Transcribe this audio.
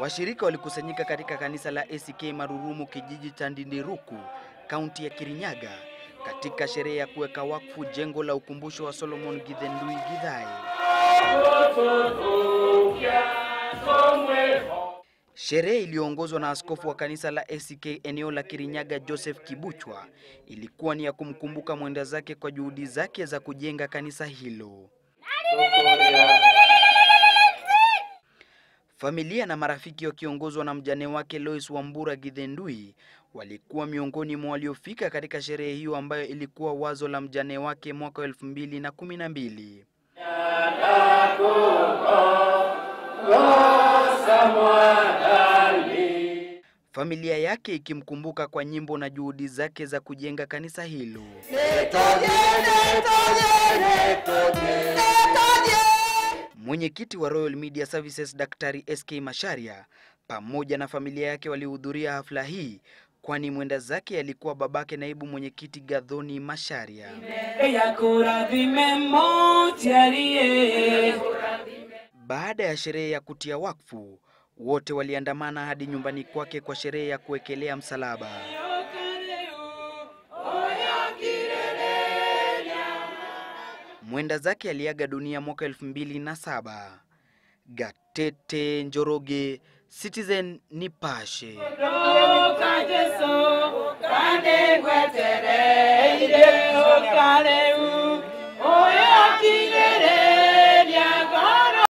Washirika walikusanyika katika kanisa la ACK marurumu kijiji cha Ndindiruku, kaunti ya Kirinyaga katika sherehe ya kuweka wakfu jengo la ukumbusho wa Solomon Githendui Githai. Sherehe iliyoongozwa na askofu wa kanisa la ACK eneo la Kirinyaga Joseph Kibuchwa ilikuwa ni ya kumkumbuka mwenda zake kwa juhudi zake za kujenga kanisa hilo. Familia na marafiki wakiongozwa na mjane wake Lois Wambura Githendui walikuwa miongoni mwa waliofika katika sherehe hiyo ambayo ilikuwa wazo la mjane wake mwaka elfu mbili na kumi na mbili. Familia yake ikimkumbuka kwa nyimbo na juhudi zake za kujenga kanisa hilo. Nitoje, nitoje, nitoje. Mwenyekiti wa Royal Media Services Daktari SK masharia pamoja na familia yake walihudhuria hafla hii kwani mwenda zake alikuwa babake naibu mwenyekiti Gathoni masharia Baada ya sherehe ya kutia wakfu, wote waliandamana hadi nyumbani kwake kwa sherehe ya kuwekelea msalaba. mwenda zake aliaga dunia mwaka elfu mbili na saba. Gatete Njoroge, Citizen Nipashe.